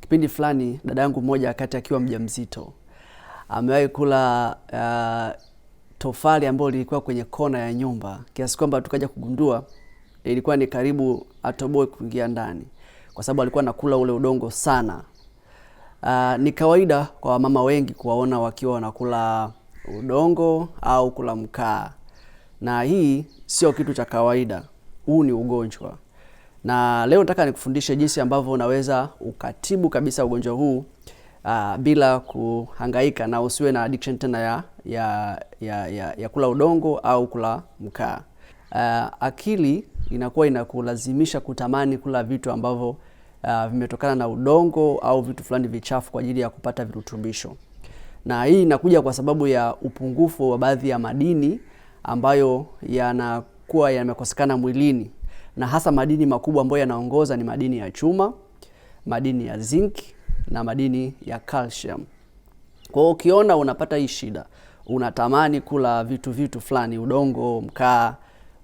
Kipindi fulani dada yangu mmoja wakati akiwa mjamzito amewahi kula uh, tofali ambayo lilikuwa kwenye kona ya nyumba, kiasi kwamba tukaja kugundua ilikuwa ni karibu atoboe kuingia ndani, kwa sababu alikuwa anakula ule udongo sana. Uh, ni kawaida kwa wamama wengi kuwaona wakiwa wanakula udongo au kula mkaa, na hii sio kitu cha kawaida. Huu ni ugonjwa na leo nataka nikufundishe jinsi ambavyo unaweza ukatibu kabisa ugonjwa huu uh, bila kuhangaika na usiwe na addiction tena ya, ya, ya, ya, ya kula udongo au kula mkaa. Uh, akili inakuwa inakulazimisha kutamani kula vitu ambavyo uh, vimetokana na udongo au vitu fulani vichafu kwa ajili ya kupata virutubisho, na hii inakuja kwa sababu ya upungufu wa baadhi ya madini ambayo yanakuwa yamekosekana mwilini na hasa madini makubwa ambayo yanaongoza ni madini ya chuma, madini ya zinc na madini ya calcium. Kwa hiyo ukiona unapata hii shida, unatamani kula vitu vitu fulani, udongo, mkaa,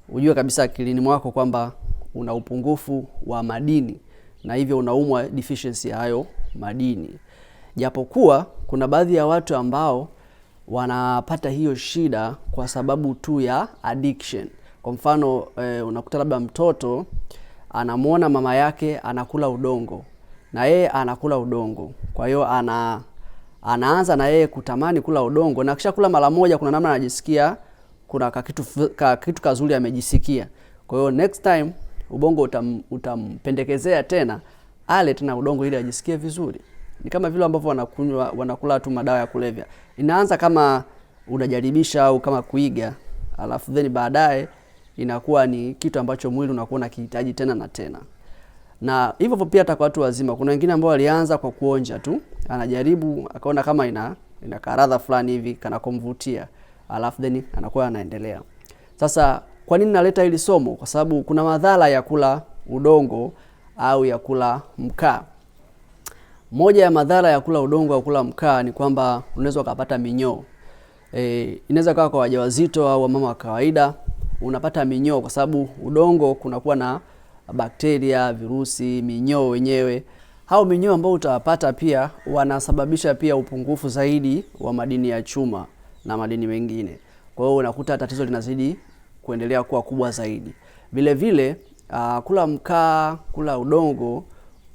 ujue kabisa akilini mwako kwamba una upungufu wa madini na hivyo unaumwa deficiency ya hayo madini. Japokuwa kuna baadhi ya watu ambao wanapata hiyo shida kwa sababu tu ya addiction. Kwa mfano eh, unakuta labda mtoto anamwona mama yake anakula udongo na yeye anakula udongo, kwa hiyo ana anaanza na yeye kutamani kula udongo, na kula mara moja, kuna namna anajisikia kuna kakitu, kakitu kazuri amejisikia. Kwa hiyo next time ubongo utam, utampendekezea tena ale tena udongo ili ajisikie vizuri. Ni kama vile ambavyo wanakunywa wanakula tu madawa ya kulevya, inaanza kama unajaribisha au kama kuiga, alafu then baadaye inakuwa ni kitu ambacho mwili unakuwa unakihitaji tena na tena, na hivyo hivyo pia hata kwa watu wazima. Kuna wengine ambao walianza kwa kuonja tu, anajaribu akaona kama ina ina karadha fulani hivi kana kumvutia alafu then anakuwa anaendelea. Sasa kwa nini naleta hili somo? Kwa sababu kuna madhara ya kula udongo au ya kula mkaa. Moja ya madhara ya kula udongo au kula mkaa ni kwamba unaweza ukapata minyoo. E, inaweza kawa kwa wajawazito au wamama wa kawaida unapata minyoo, kwa sababu udongo kunakuwa na bakteria, virusi, minyoo wenyewe. Hao minyoo ambao utawapata pia wanasababisha pia upungufu zaidi wa madini ya chuma na madini mengine, kwa hiyo unakuta tatizo linazidi kuendelea kuwa kubwa zaidi. Vile vile uh, kula mkaa, kula udongo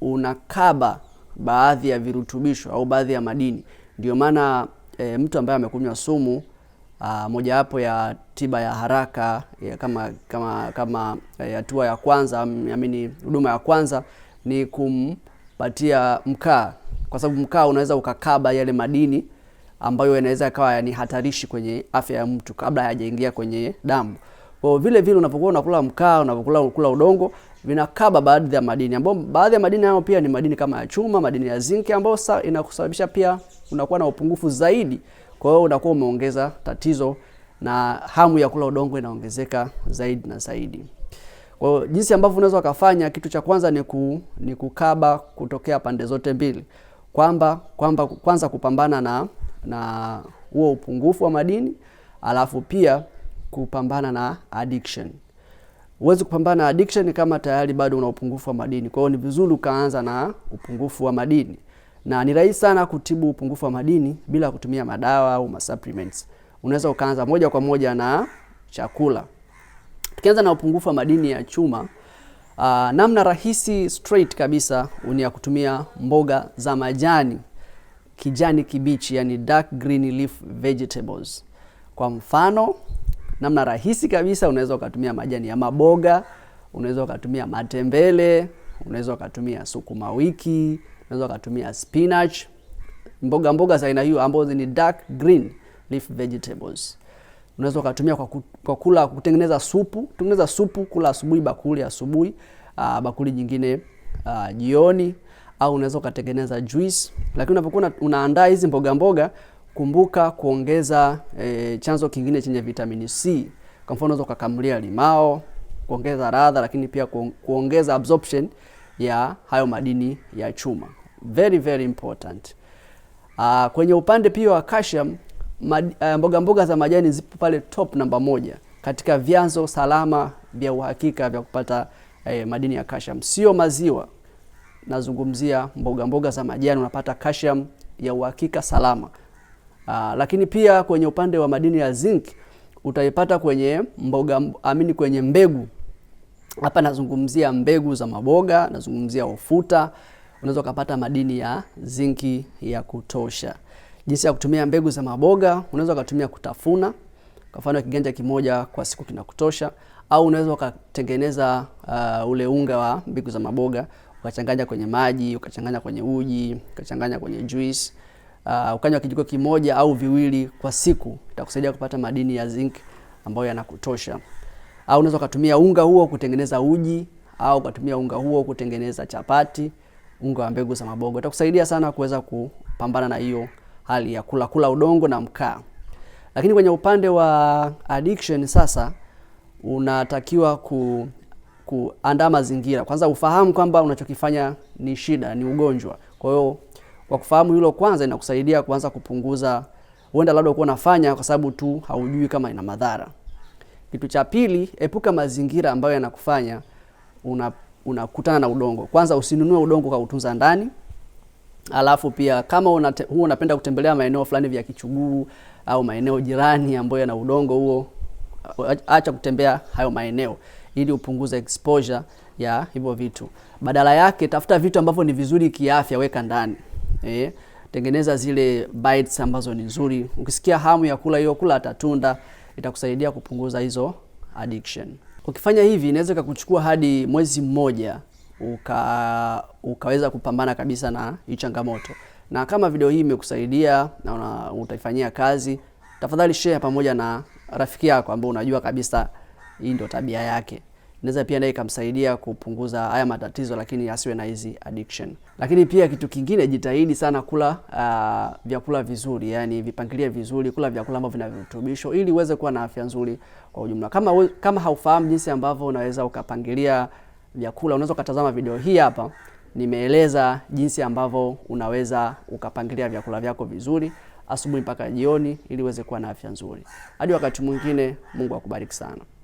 unakaba baadhi ya virutubisho au baadhi ya madini, ndio maana e, mtu ambaye amekunywa sumu Uh, mojawapo ya tiba ya haraka ya kama kama kama eh, hatua ya, ya kwanza amini mm, huduma ya kwanza ni kumpatia mkaa, kwa sababu mkaa unaweza ukakaba yale madini ambayo yanaweza yakawa ni hatarishi kwenye afya ya mtu kabla hayajaingia kwenye damu. Kwa vile vile unapokuwa unakula mkaa, unapokula kula udongo vinakaba baadhi ya madini ambayo baadhi ya madini hayo pia ni madini kama ya chuma, madini ya zinki ambayo inakusababisha pia unakuwa na upungufu zaidi kwa hiyo unakuwa umeongeza tatizo na hamu ya kula udongo inaongezeka zaidi na zaidi. Kwa hiyo jinsi ambavyo unaweza ukafanya, kitu cha kwanza ni, ku, ni kukaba kutokea pande zote mbili, kwamba kwamba kwanza kupambana na na huo upungufu wa madini, alafu pia kupambana na addiction. Huwezi kupambana na addiction kama tayari bado una upungufu wa madini. Kwa hiyo ni vizuri ukaanza na upungufu wa madini na ni rahisi sana kutibu upungufu wa madini bila kutumia madawa au masupplements. Unaweza ukaanza moja kwa moja na chakula. Tukianza na upungufu wa madini ya chuma, aa, ah, namna rahisi straight kabisa ni ya kutumia mboga za majani kijani kibichi, yani dark green leaf vegetables. Kwa mfano, namna rahisi kabisa unaweza ukatumia majani ya maboga, unaweza ukatumia matembele, unaweza ukatumia sukuma wiki unaweza ukatumia spinach, mboga mboga za aina hiyo ambazo ni dark green leaf vegetables. Unaweza ukatumia kwa, kwa kula kutengeneza supu, tengeneza supu kula asubuhi, bakuli asubuhi, uh, bakuli nyingine uh, jioni, au unaweza ukatengeneza juice. Lakini unapokuwa unaandaa hizi mboga mboga, kumbuka kuongeza e, chanzo kingine chenye vitamini C. Kwa mfano unaweza ukakamulia limao kuongeza ladha, lakini pia kuongeza absorption ya hayo madini ya chuma, very very important. Uh, kwenye upande pia wa calcium uh, mboga mboga za majani zipo pale top namba moja katika vyanzo salama vya uhakika vya kupata eh, madini ya calcium, sio maziwa. Nazungumzia mboga mboga za majani, unapata calcium ya uhakika salama. Uh, lakini pia kwenye upande wa madini ya zinc utaipata kwenye mboga amini, kwenye mbegu hapa nazungumzia mbegu za maboga, nazungumzia ufuta. Unaweza ukapata madini ya zinki ya kutosha. Jinsi ya kutumia mbegu za maboga, unaweza ukatumia kutafuna, kwa mfano kiganja kimoja kwa siku kinakutosha, au unaweza ukatengeneza uh, ule unga wa mbegu za maboga ukachanganya kwenye maji, ukachanganya kwenye uji, ukachanganya kwenye juice uh, ukanywa kijiko kimoja au viwili kwa siku, itakusaidia kupata madini ya zinc ambayo yanakutosha au unaweza ukatumia unga huo kutengeneza uji au ukatumia unga huo kutengeneza chapati, unga wa mbegu za maboga. Itakusaidia sana kuweza kupambana na hiyo hali ya kula kula udongo na mkaa. Lakini kwenye upande wa addiction sasa unatakiwa ku kuandaa mazingira. Kwanza ufahamu kwamba unachokifanya ni shida, ni ugonjwa. Kwa hiyo kwa kufahamu hilo kwanza inakusaidia kuanza kupunguza, huenda labda uko unafanya kwa sababu tu haujui kama ina madhara. Kitu cha pili, epuka mazingira ambayo yanakufanya unakutana una na udongo. Kwanza usinunue udongo kwa utunza ndani. Alafu pia kama unate, huo unapenda kutembelea maeneo fulani vya kichuguu au maeneo jirani ambayo yana udongo huo, acha kutembea hayo maeneo ili upunguze exposure ya hivyo vitu. Badala yake tafuta vitu ambavyo ni vizuri kiafya, weka ndani eh, tengeneza zile bites ambazo ni nzuri. Ukisikia hamu ya kula hiyo, kula atatunda itakusaidia kupunguza hizo addiction. Ukifanya hivi inaweza ikakuchukua hadi mwezi mmoja uka, ukaweza kupambana kabisa na hii changamoto. Na kama video hii imekusaidia na utaifanyia kazi, tafadhali share pamoja na rafiki yako ambaye unajua kabisa hii ndio tabia yake inaweza pia naye ikamsaidia kupunguza haya matatizo, lakini asiwe na hizi addiction. Lakini pia kitu kingine, jitahidi sana kula uh, vyakula vizuri, yani vipangilie vizuri, kula vyakula ambavyo vina virutubisho ili uweze kuwa na afya nzuri kwa ujumla. Kama, kama haufahamu jinsi ambavyo unaweza ukapangilia vyakula, unaweza ukatazama video hii hapa, nimeeleza jinsi ambavyo unaweza ukapangilia vyakula vyako vizuri asubuhi mpaka jioni ili uweze kuwa na afya nzuri. Hadi wakati mwingine, Mungu akubariki sana.